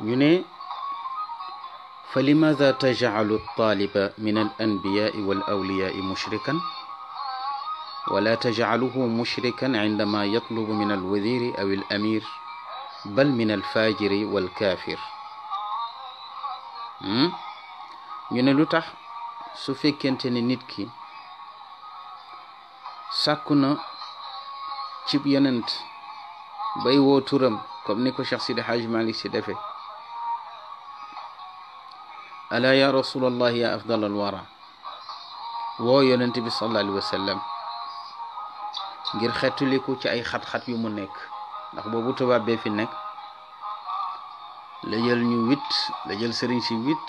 يوني فلماذا تجعل الطالب من الأنبياء والأولياء مشركا ولا تجعله مشركا عندما يطلب من الوزير أو الأمير بل من الفاجر والكافر يني لطح سوفي كنتني نتكي ساكنا تيب يننت باي ووتورم كوم نيكو شيخ سيدي حاج مالي سيدي alaa ya rasulallah ya afdal alwara woo yonent bi sallallahu alayhi ngir xetuliku ci ay xat-xat yu mu nekk ndax boobu tubaab bee fi nekk la jël ñu wit la jël sëriñ si wit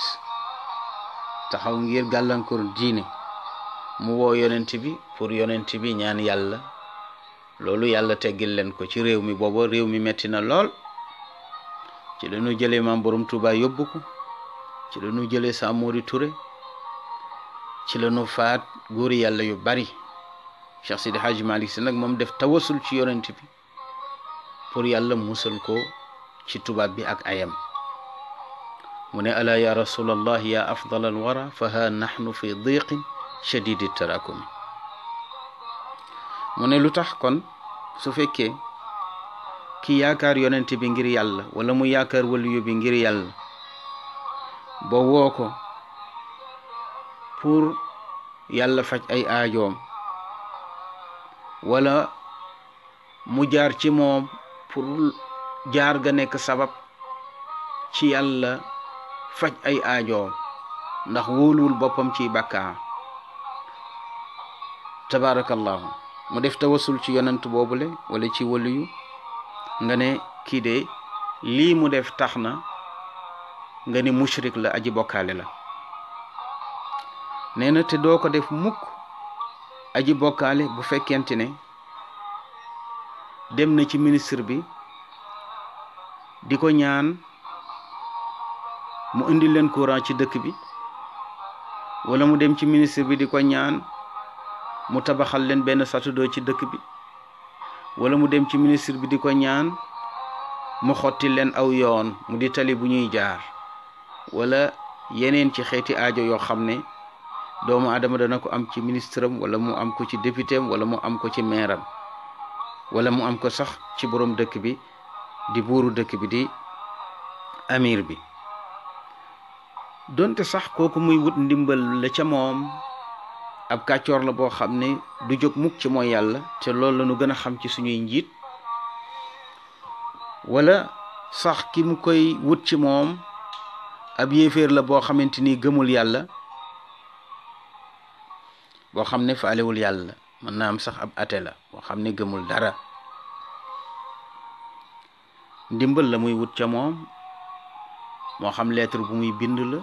taxaw ngir gàllankoor diine mu woo yonent bi pour yonent bi ñaan yàlla loolu yàlla teggil leen ko ci réew mi booba réew mi metti na lool ci lañu jëlee maam borom Tuubaa yóbbu ci la ñu jëlee Samori ture ci la ñu faat góori yàlla yu bari Cheikh Sidi Hadj Malick si nag moom def tawasul ci yonent bi pour yàlla musal ko ci tubaab bi ak ayam mu ne alaa ya rasulallah ya afdal al wara fa ha nahnu fi diqin shadidi tarakumi mu ne lu tax kon su fekkee ki yaakaar yonent bi ngir yàlla wala mu yaakaar waliyu bi ngir yàlla ba woo ko pour yàlla faj ay aajoom wala mu jaar ci moom pour jaar ga nekk sabab ci yàlla faj ay aajoom ndax wulwul boppam ci bàkkaar tabarakallahu mu def tawasul ci yonent boobule walla ci waliyu nga ne kii de lii mu def tax na nga ni mushrik la aji bokkaale la nee na te doo ko def mukk aji bokkaale bu fekkente ne dem na ci ministre bi di ko ñaan mu indi leen courant ci dëkk bi wala mu dem ci ministre bi di ko ñaan mu tabaxal leen benn satudoo ci dëkk bi wala mu dem ci ministre bi di ko ñaan mu xotti leen aw yoon mu di tali bu ñuy jaar wala yeneen ci xeeti ajo yoo xam ne doomu aadama dana ko am ci ministre am wala mu am ko ci député am wala mu am ko ci meeram am wala mu am ko sax ci boroom dëkk bi di buuru dëkk bi di amir bi donte sax kooku muy wut ndimbal la ca moom ab kàccoor la boo xam ne du jóg mukk ci mooy yàlla te loolu la ñu gën a xam ci suñuy njiit wala sax ki mu koy wut ci moom ab yéeféer la boo xamante ni gëmul yàlla boo xam ne faalewul yàlla mën naa am sax ab ate la boo xam ne gëmul dara ndimbal la muy wut ca moom moo xam lettre bu muy bind la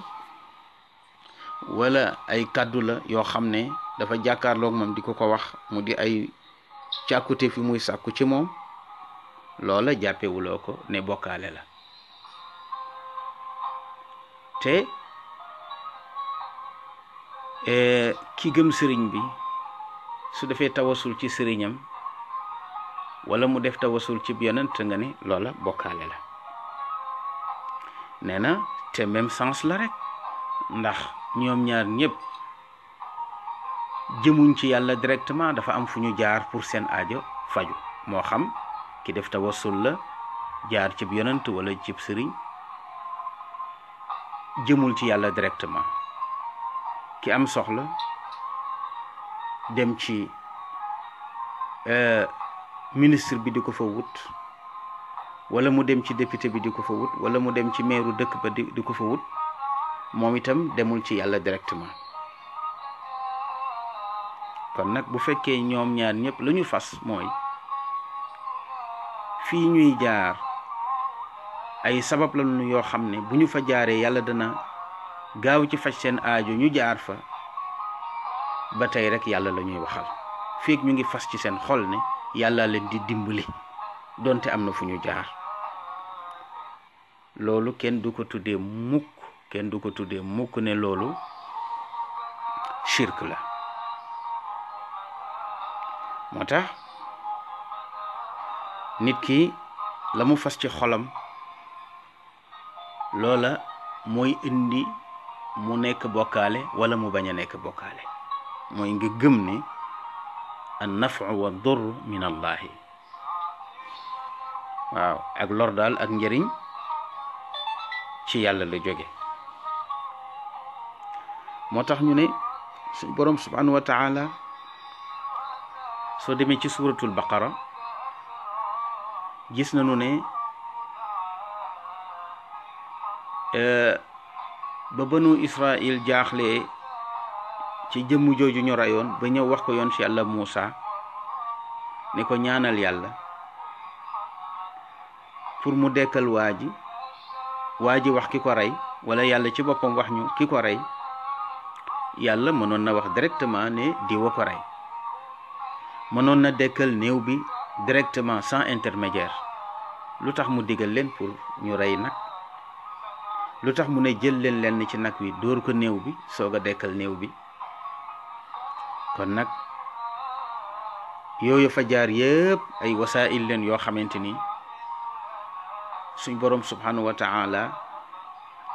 wala ay kàddu la yoo xam ne dafa jàkkaarlook moom di ko ko wax mu di ay càkkute fi muy sàkku ci moom loola jàppewuloo ko ne bokkaale la te e, ki gëm sëriñ bi su defee tawasul ci sëriñam wala mu def tawasul ci yonent nga ne loola bokkaale la nee na te même sens la rekk ndax ñoom ñaar ñëpp jëmuñ ci yàlla directement dafa am fu ñu jaar pour seen aajo faju moo xam ki def tawasul la jaar cib yonent wala cib sëriñ jëmul ci yàlla directement ki am soxla dem ci euh, ministre bi di ko fa wut wala mu dem ci député bi di ko fa wut wala mu dem ci meeru dëkk ba di ko fa wut moom itam demul ci yàlla directement kon nag bu fekkee ñoom ñaar ñëpp lu ñu fas mooy fii ñuy jaar ay sabab la ñu yoo xam ne bu ñu fa jaaree yàlla dana gaaw ci faj seen aajo ñu jaar fa ba tey rek yàlla la ñuy waxal feek ñu ngi fas ci seen xol ne yàlla leen di dimbali donte am na fu ñu jaar loolu kenn du ko tuddee mukk kenn du ko tuddee mukk ne loolu shirk la moo tax nit ki la mu fas ci xolam loola mooy indi mu nekk bokkaale wala mu bañ a nekk bokkaale mooy ngi gëm ne an nafu wa dur min allahi waaw ak lor daal ak njëriñ ci yàlla la jóge moo tax ñu ne suñ boroom subhanahu wa soo demee ci suratul baqara gis nañu ne ba banu Israil jaaxlee ci jëmm jooju ñu rayoon ba ñëw wax ko yoon ci yàlla Muusa ne ko ñaanal yàlla pour mu dekkal waa ji waa ji wax ki ko rey wala yàlla ci boppam wax ñu ki ko rey yàlla mënoon na wax directement ne diwa ko rey mënoon na dekkal néew bi directement sans intermédiaire lu tax mu digal leen pour ñu rey nag lu tax mu ne jël leen lenn ci nag wi dóor ko néew bi soog a dekkal néew bi kon nag yooyu fa jaar yëpp ay wasaa'il leen yoo xamante ni suñ boroom subhanahu wa ta'ala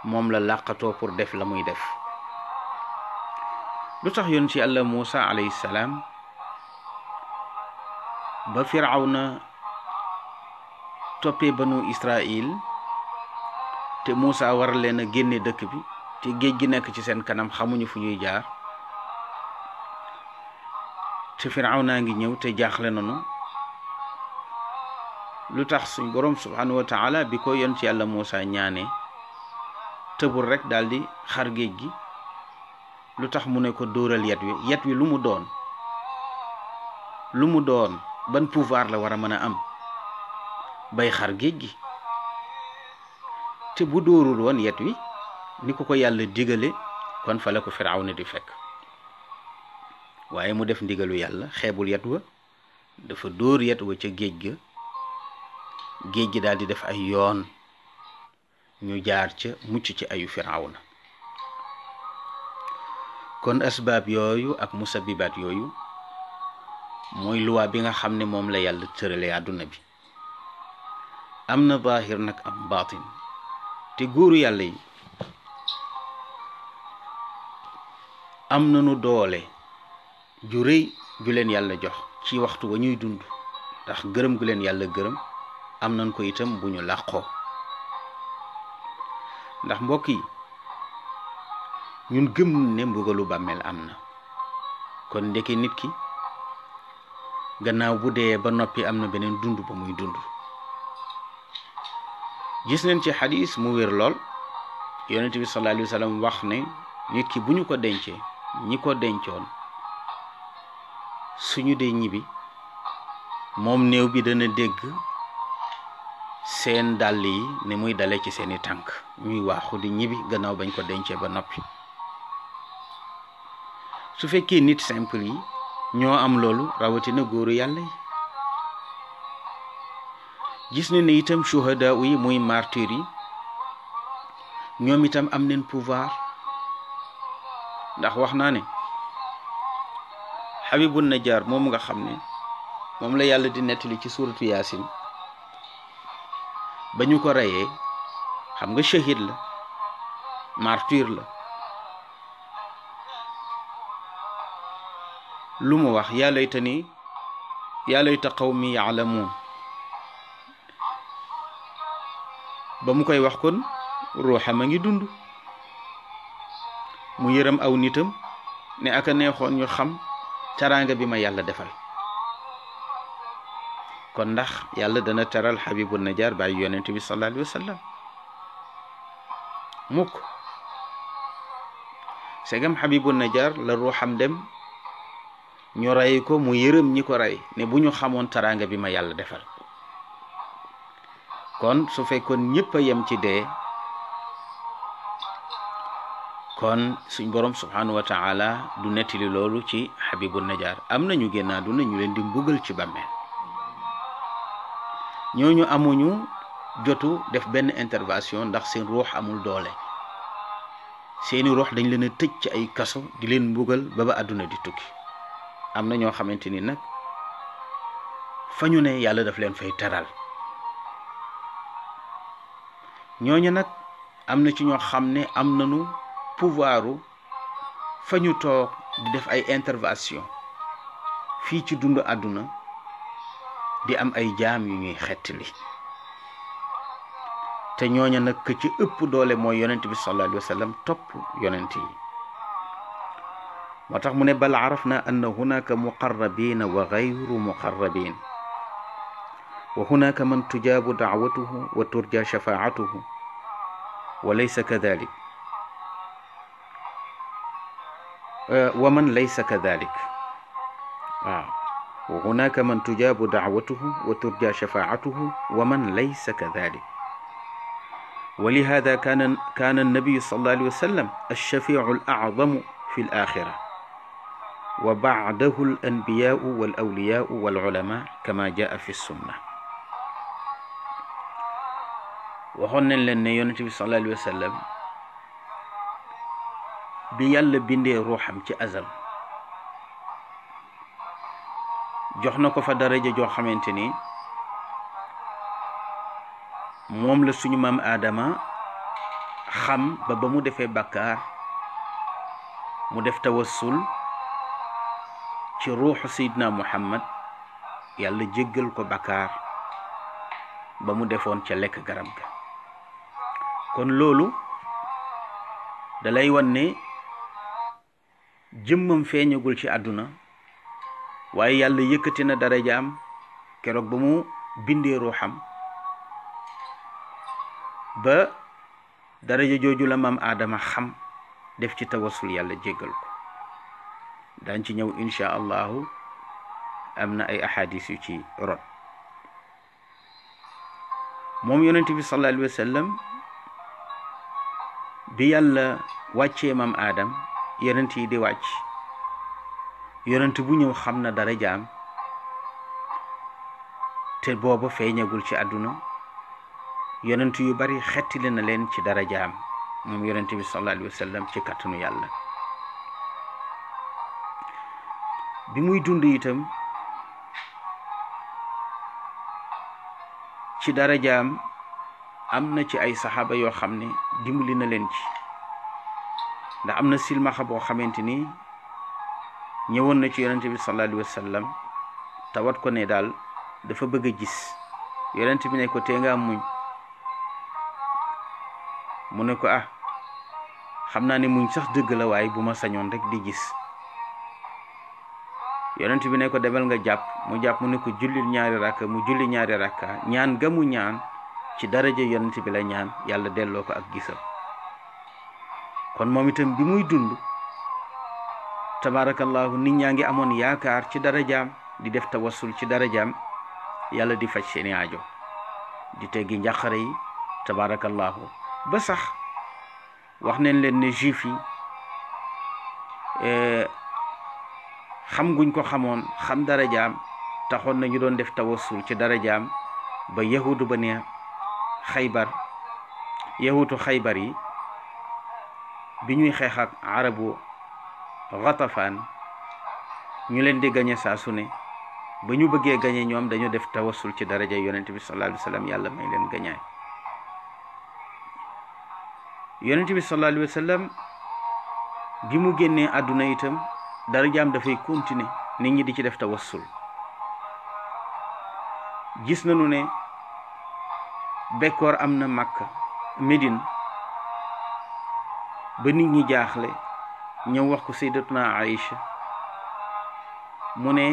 moom la làqatoo pour def la muy def lu tax yoon ci Yàlla Muusa alayhi salaam ba Firawna toppee banu Israil te Moussa war leen a génne dëkk bi te géej gi nekk ci seen kanam xamuñu fu ñuy jaar te firawna ngi ñëw te jaaxle nanu lu tax suñ borom subhanahu wa taala bi ko yon ci yàlla Moussa rek daal di xar géej gi lu tax mu ne ko dóoral yet wi yet wi lu mu doon lu mu doon ban pouvoir la war a am bay xar géej gi te bu dóorul woon yet wi ni ko ko yàlla digale kon fa la ko firawna di fekk waaye mu def ndigalu yàlla xeebul yet wa dafa dóor yet wa ca géej ga géej gi daal di def ay yoon ñu jaar ca mucc ci ayu firawna kon asbaab yooyu ak musabibaat yooyu mooy luwaa bi nga xam ne moom la yàlla tërale àdduna bi am na zaahir nag am baatin te góoru yàlla yi am nañu doole ju rëy ju leen yàlla jox ci waxtu wa ñuy dund ndax gërëm gu leen yàlla gërëm am nañ ko itam bu ñu làqoo ndax mbokk yi ñun gëm ne mbugalu bàmmeel am na kon ndeke nit ki gannaaw bu dee ba noppi am na beneen dund ba muy dund gis nañ ci xadis mu wér lool yonent bi sallallahu alayhi wax ne nit ki bu ñu ko dencee ñi ko dencoon suñu dee ñibbi moom néew bi dana dégg seen dàll yi ne muy dale ci seeni tànk ñuy waxu di ñibbi gannaaw bañ ko dencee ba noppi su fekkee nit simple yi ñoo am loolu rawatina góoru yàlla gis ne ne itam shuhada yi muy martyr yi ñoom itam am neen pouvoir ndax wax naa ne Habibu Najjar moom nga xam ne moom la yàlla di nettali ci suuratu yaasin ba ñu ko reyee xam nga shahid la martyr la lu mu wax yàlla yàlla yi yaa layta qawmi yaalamuun ba mu koy wax kon ruuxam a ngi dund mu yërëm aw nitam ne aka neexoon ñu xam teraanga bi ma yàlla defal kon ndax yàlla dana teral xabibu najaar bàyyi yonent bi sallallahu alayhi wa sallam mukk segam xabibu najaar la ruuxam dem ñu rey ko mu yërëm ñi ko rey ne bu ñu xamoon teraanga bi ma yàlla defal kon su fekkoon ñëpp a yem ci dee kon suñ borom subhanahu wa taala du nettali loolu ci xabibu najaar am na nañu génn àdduna ñu leen di mbugal ci bàmmeel ñooñu amuñu jotu def benn intervention ndax seen ruux amul doole seeni ruux dañ leen a tëj ci ay kaso di leen mbugal ba ba àdduna di tukki am na ñoo xamante ni nag fa ñu ne yàlla daf leen fay teral ñooñu nag am na ci ñoo xam ne am nañu pouvoiru fa ñu toog di def ay intervention fii ci dund àdduna di am ay jaam yu ñuy xettali te ñooña nag ka ci ëpp doole mooy yonent bi sallallahu alayhi wa topp yonent yi moo tax mu ne bal araf na anna hunaka muqarrabina wa gayru muqarrabin وهناك من تجاب دعوته وترجى شفاعته وليس كذلك آه، ومن ليس كذلك آه. وهناك من تجاب دعوته وترجى شفاعته ومن ليس كذلك ولهذا كان كان النبي صلى الله عليه وسلم الشفيع الأعظم في الآخرة وبعده الأنبياء والأولياء والعلماء كما جاء في السنه waxoon nañ leen ne yonent bi sallallahu alayhi wa bi yàlla bindee ruuxam ci azal jox na ko fa daraja joo xamante ni moom la suñu maam aadama xam ba ba mu defee bàkkaar mu def tawassul ci ruuxu Seydina Muhammad yàlla jéggal ko bàkkaar ba mu defoon ca lekk garab ga kon loolu dalay won ne jëmmam feeñagul ci àdduna waaye yàlla yëkkati na darajaam keroog ba mu bindee xam ba daraja jooju la maam aadama xam def ci tawasul yàlla jéggal ko daañ ci ñëw insha allahu am na ay ahadis yu ci rot moom yonent bi sallallahu alayhi wa bi yàlla wàccee maam aadam yonent yi di wàcc yonent bu ñëw xam na dara jaam te booba feeñagul ci àdduna yonent yu bari xettili na leen ci dara jaam moom yonent bi sallallahu ci kàttanu yàlla bi muy dund itam ci dara am na ci ay saxaaba yoo xam ne dimbali na leen ci ndax am na silmaxa boo xamante ni ñëwoon na ci yonente bi sallallahu alayhi wa sallam tawat ko ne daal dafa bëgg a gis yonente bi ne ko tee ngaa muñ mu ne ko ah xam naa ne muñ sax dëgg la waaye bu ma sañoon rek di gis yonent bi ne ko demal nga jàpp mu jàpp mu ne ko jullil ñaari rakka mu julli ñaari rakka ñaan ga ñaan ci daraja yonent bi la ñaan yàlla delloo ko ak gisam kon moom itam bi muy dund tabaarakallaahu nit ñaa ngi amoon yaakaar ci darajaam di def tawasul ci darajaam yàlla di faj seeni aajo di teggi njàqare yi tabaarakallaahu ba sax wax nañ leen ne juif yi eh, xam guñ ko xamoon xam darajaam taxoon ñu doon def tawassul ci darajaam ba yahudu ba ne xaybar yahutu xaybar yi bi ñuy xeex ak arabu Ghatafaan ñu leen di gañe saa ne ba ñu bëggee gañe ñoom dañu def tawasul ci daraja yonent bi sallallahu yàlla may leen gañaay yonent bi sallallahu bi mu génnee àdduna itam darajaam dafay continuer nit ñi di ci def tawassul gis nañu ne bekkoor am na Makka Médine ba nit ñi jaaxle ñëw wax ko sayyidatuna Aïcha mu ne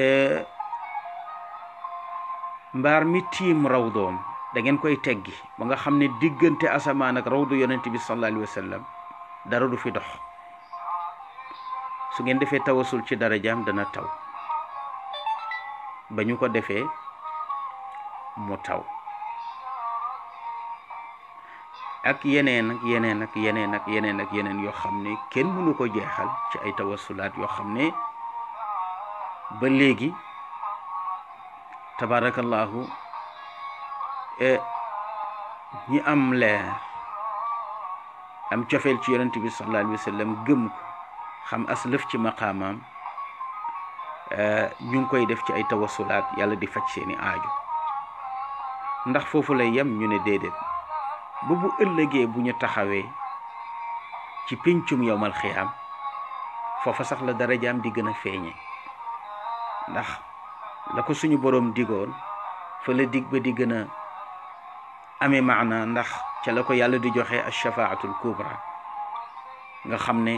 eh, mbaar mi tiim raw doom dangeen koy teggi ba nga xam ne diggante asamaan ak rawdu yonent bi sallallahu alayhi dara du fi dox su ngeen defee tawasul ci darajaam dana taw ba ñu ko defee mu taw ak yeneen ak yeneen ak yeneen ak yeneen ak yeneen yoo xam ne kenn mënu ko jeexal ci ay tawasulaat yoo xam ne ba léegi tabaarakallaahu e, ñi am leer am cofeel ci yonent bi sallallahu alayhi wa xam aslëf ci maqaamaam e, ñu ngi koy def ci ay tawasulaat yàlla di faj seeni aaju ndax foofu lay yam ñu ne déedéet bu bu ëllëgee bu ñu taxawee ci péncum yowmal xiyaam foofa sax la dara darajaam di gën a feeñe ndax la ko suñu boroom digoon fa la dig ba di gën a amee maana ndax ca la ko yàlla di joxe ashafaatul kubra nga xam ne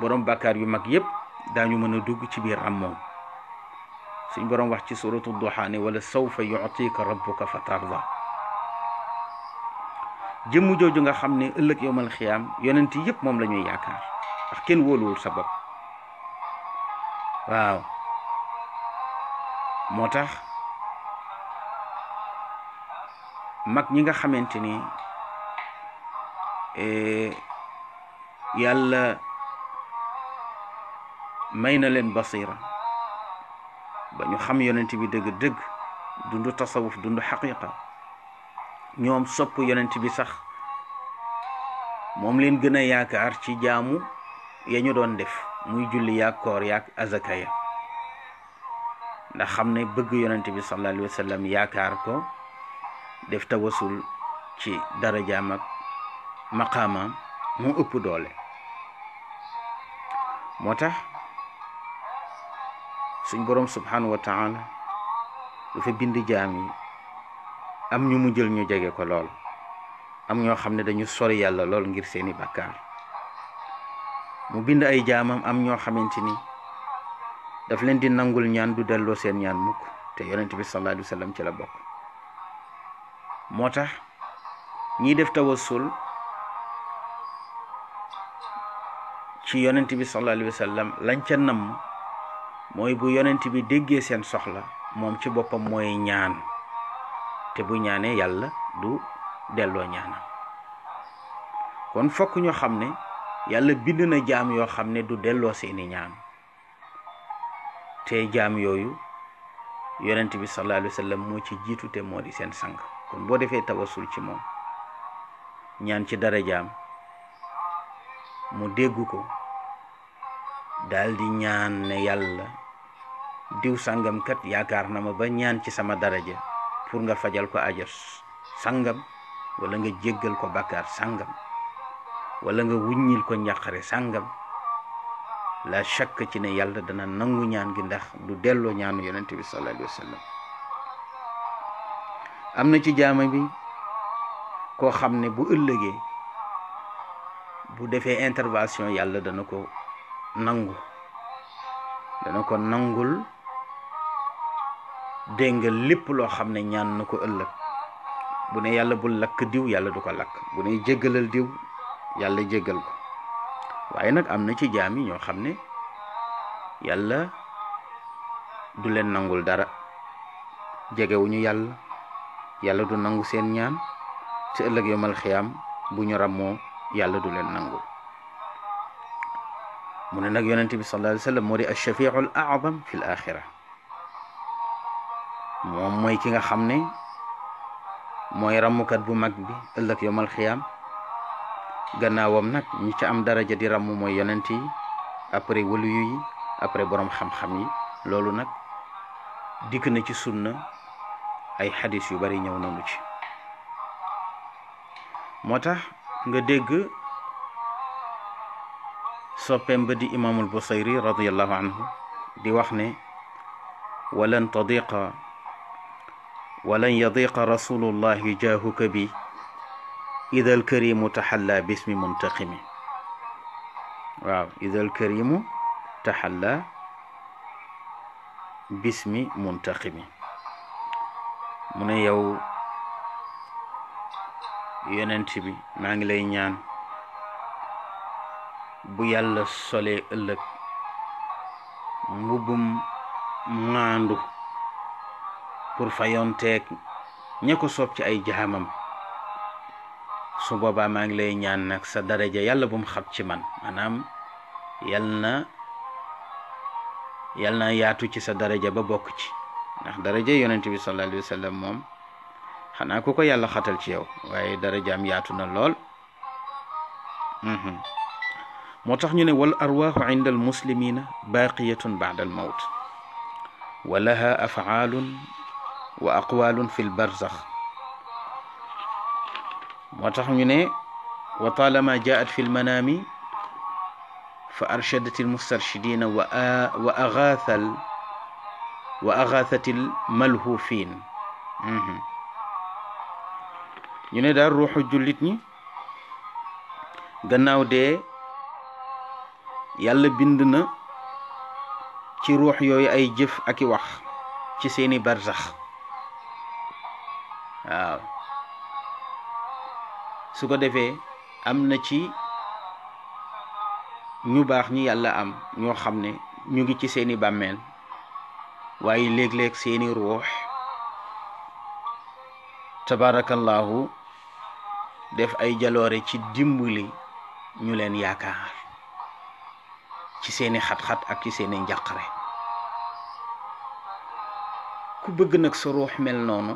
boroom bàkkaar yu mag yépp daañu mën a dugg ci biir ram moom suñ borom wax ci suratu duxaa ne wala sawfa yutika rabbuka fa tarda jëmm jooju nga xam ne ëllëg yowmal xiyaam yonent yépp moom la ñuy yaakaar ndax kenn wóoluwul sa bopp waaw moo tax mag ñi nga xamante ni yàlla may na leen basira ba ñu xam yonent bi dëgg-dëgg dundu tasawuf dundu xaqiqa ñoom sopp yonent bi sax moom leen gën a yaakaar ci jaamu ya ñu doon def muy julli yaag koor yaag ya ndax xam ne bëgg yonent bi sallallahu alayhi wa yaakaar ko def tawasul ci dara ak maqaamaam mu ëpp doole moo tax suñ borom subhanahu wa taala dafa bind jaam yi am ñu mu jël ñu jege ko lool am ñoo xam ne dañu sol yàlla lool ngir seeni bàkkaar mu bind ay jaamam am ñoo xamante ni daf leen di nangul ñaan du delloo seen ñaan mukk te yonent bi sallallahu alayhi wa ci la bokk moo tax ñiy def tawassul ci yonent bi sallallahu alayhi wa lañ ca namm mooy bu yonent bi déggee seen soxla moom ci boppam mooy ñaan te bu ñaanee yàlla du delloo ñaanam kon fokk ñu xam ne yàlla bind na jaam yoo xam ne du delloo seeni te jaam yooyu yonent bi sallallahu alayhi wa moo ci jiitu te moo di seen sang kon boo defee tawasul ci moom ñaan ci dara jaam mu dégg ko daal di ñaan ne yàlla diw sangam kat yaakaar na ma ba ñaan ci sama daraja pour nga fajal ko ajar sangam wala nga jéggal ko bakkaar sangam wala nga wuññil ko njàqare sàngam la shakk ci ne yàlla dana nangu ñaan gi ndax du delloo ñaanu yonent bi sallallahu alayhi wa am na ci jaama bi koo xam ne bu ëllëgee bu defee intervention yàlla dana ko nangu dana ko nangul dégg nga lépp loo xam ne ñaan na ko ëllëg bu ne yàlla bul lakk diw yàlla du ko lakk bu ne jéggalal diw yàlla jéggal ko waaye nag am na ci jaam ñoo xam ne yàlla du leen nangul dara jegewuñu yàlla yàlla du nangu seen ñaan ci ëllëg yomal xiyaam bu ñu ràmmoo yàlla du leen nangul mu ne nag yonent bi sallallahu alayhi wa moo di ash-shafi'ul a'zam fil axira moom mooy ki nga xam ne mooy rammukat bu mag bi ëllëg yomal xiyaam gannaawam nag ñu ci am daraja di ramm mooy yonent yi après waliyu yi après boroom xamxam yi loolu nag dikk na ci sunna ay xadis yu bari ñëw nañu ci moo tax nga dégg soppeem ba di imaamul busayri radiallahu anhu di wax ne walan tadiqa ولن يضيق رسول الله جاهك بي إذا الكريم تحلى باسم منتقم واو إذا الكريم تحلى باسم منتقم من يو يننتبي بي لينيان لاي نيان بو يالا سولي ألك مبم kurfayonteeg ña ko soob ci ay jahamam su boobaa maa ngi lay ñaan nag sa daraja yàlla bu mu xab ci man maanaam yal na yal na yaatu ci sa daraja ba bokk ci ndax daraja yonent bi sallallahu alayhi wasallam sallam moom xanaa ku ko yàlla xatal ci yow waaye am yaatu na lool moo tax ñu ne wal arwaaxu inda al muslimina baqiyatun baada al mawt wa laha afaalun wa aqwalun tax ñu ne wa taalama jaat fi lmanaami fa arshadati lmustarshidina wa wa agaathal wa agathati lmalhuufin mhm. ñu ne daal ruuxu jullit ñi gannaaw dee yàlla bind na ci ruux yooyu ay jëf ak wax ci seeni barzax waaw su ko defee am na ci ñu baax ñi yàlla am ñoo xam ne ñu ngi ci seeni bàmmeel waaye léeg-léeg seeni ruux tabaarakallaahu def ay jaloore ci dimbali ñu leen yaakaar ci seeni xat-xat ak ci seeni njàqare ku bëgg nag sa ruux mel noonu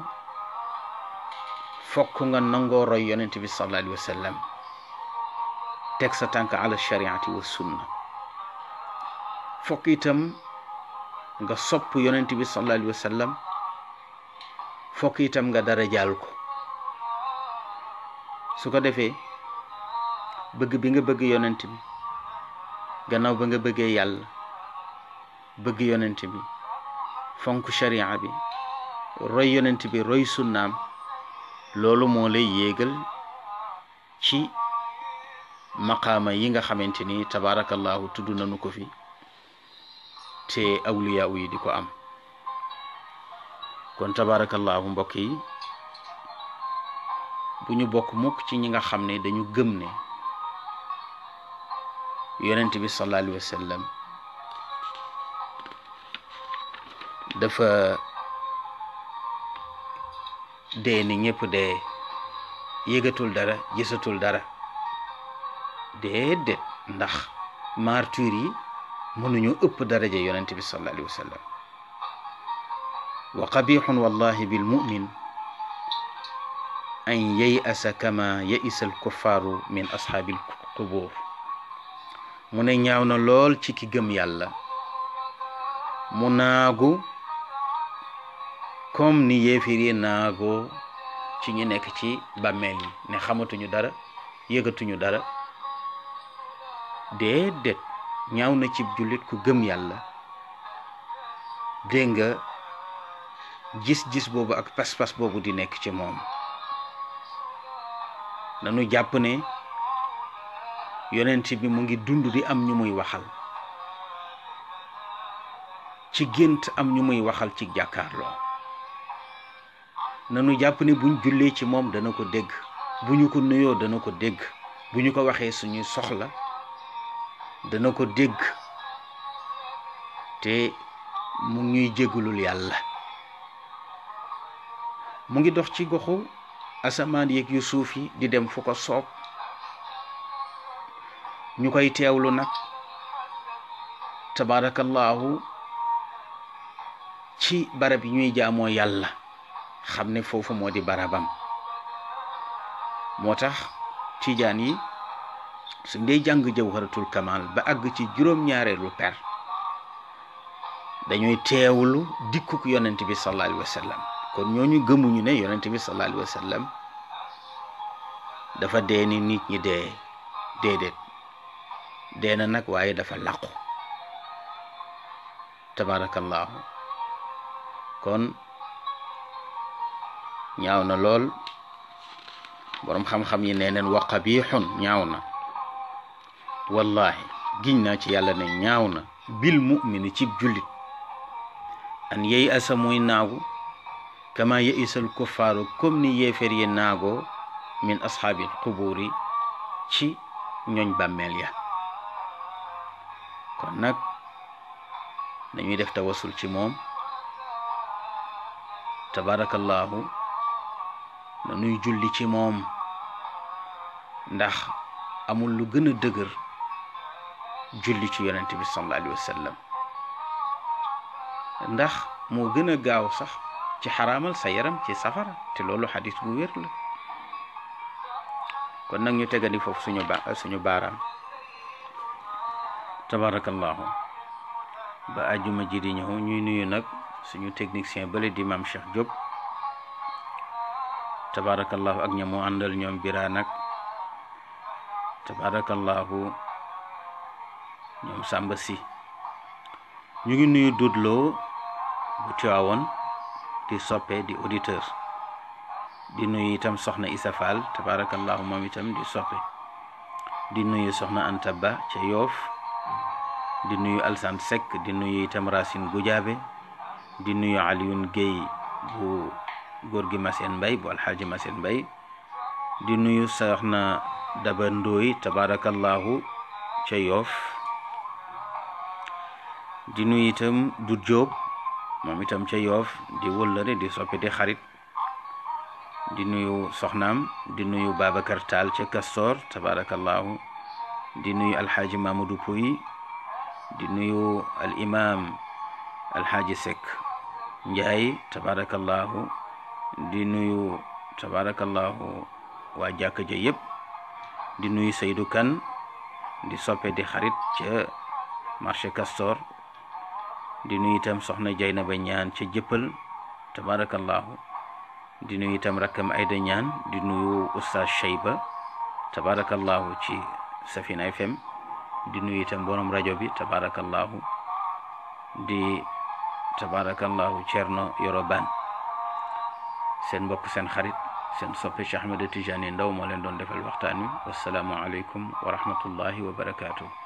fokk nga nangoo roy yonent bi sallallahu alayhi wa teg sa tànk ala shariati wa sunna fokk itam nga sopp yonent bi sallallahu alayhi wa sallam fokk itam nga dara jaal ko su ko defee bëgg bi nga bëgg yonent bi gannaaw ba nga bëggee yàlla bëgg yonent bi fonk sharia bi roy yonent bi roy sunnaam loolu moo lay yéegal ci maqaama yi nga xamante ni tabaarakallahu tudd nañu ko fi te awliyaa yi di ko am kon tabaarakallahu mbokk yi bu ñu bokk mukk ci ñi nga xam ne dañu gëm ne yonent bi sallallahu alayhi dafa dee ni ñëpp dee yëgatul dara gisatul dara déedéet ndax martyr yi mënuñu ëpp daraja yonent bi sallallahu alayhi wa sallam wa qabixun wallahi bil mumin an yeyasa kama yeisa alkuffaaru min ashaabil qubur mu ne ñaaw na lool ci ki gëm yàlla mu naagu kom ni yéefir yi naagoo ci ñi nekk ci bàmmeel yi ne xamatuñu dara yëgatuñu dara déedéet ñaaw na cib jullit ku gëm yàlla dégg nga jis gis boobu ak pas boobu di nekk ci moom nanu jàpp ne yonent bi mu ngi dund di am ñu muy waxal ci gént am ñu muy waxal ci jàkkaarloo nanu jàpp ne buñ jullee ci moom dana ko dégg bu ñu ko nuyoo dana ko dégg bu ñu ko waxee suñu soxla dana ko dégg te mu ngi ñuy yàlla mu ngi dox ci goxu asamaan yëg yu suuf yi di dem fu ko soob ñu koy teewlu nag tabaarakallaahu ci barab yi ñuy jaamoo yàlla xam ne foofu moo di barabam moo tax tiijaan yi suñ dee jàng jawharatul kamal ba àgg ci juróom-ñaareelu per dañuy teewul dikku yonent bi sallallahu alayhi kon ñoo ñu gëmuñu ne yonent bi sallallahu alayhi wa dafa dee ni nit ñi dee déedéet dee na nag waaye dafa làqu tabaarakallaahu kon ñaaw na lool boroom xam-xam yi neneen neen wa qabixun ñaaw na wallahi giñ naa ci yàlla ne ñaaw na bil mumini cib jullit an yey asa muy naagu kama yeisal kuffaaru comme ni yéeféer yi naagoo min ashaabil qubuuri ci ñoñ bàmmeel ya kon nag dañuy def tawasul ci moom tabaarakallaahu nanuy julli ci moom ndax amul lu gën a dëgër julli ci yonent bi sallallahu alayhi wa sallam ndax moo gën a gaaw sax ci xaraamal sa yaram ci safara te loolu xadis bu wér la kon nag ñu tegandi foofu suñu ba suñu baaraam tabarakallahu ba ajuma ji di ñëw ñuy nuyu nag suñu technicien bale di maam Cheikh Diop tabaarakallaahu ak ña mu àndal ñoom biraa nag tabaarakallaahu ñoom sàmba si ñu ngi nuyu duutloo bu tiwaawoon di soppe di auditeur di nuyu itam soxna Isa Fall moom itam di soppe di nuyu soxna Anta ca Yoof di nuyu Alsaan Seck di nuyu itam Racine Goudiabe di nuyu Alioune Guèye góor gi Massène Mbaye bu alxaaji Massène Mbaye di nuyu soxna Daba Ndooy ca Yoof di nuyu itam du Jóob moom itam ca Yoof di wëllëre di soppi di xarit di nuyu soxnaam di nuyu Babacar Taal ca Kastoor tabaarakallaahu di nuyu alxaaji Mamadou Pouy di nuyu al imaam alxaaji Sekk Njaay tabaarakallaahu di nuyu tabarakallahu waa jàkk ja yëpp di nuyu Seydou Kane di soppe di xarit ca marché Castor di nuyu itam soxna ba ñaan ca jëppal tabarakallahu di nuyu itam rakkam Ayda ñaan di nuyu Oustaz Cheyba tabarakallahu ci Safina FM di nuyu itam borom rajo bi tabarakallahu di tabarakallahu Cerno Yoro Ban سن بوك سن خريط سن صوفي شيخ احمد التجاني ندوم دون ديفال وقتاني والسلام عليكم ورحمه الله وبركاته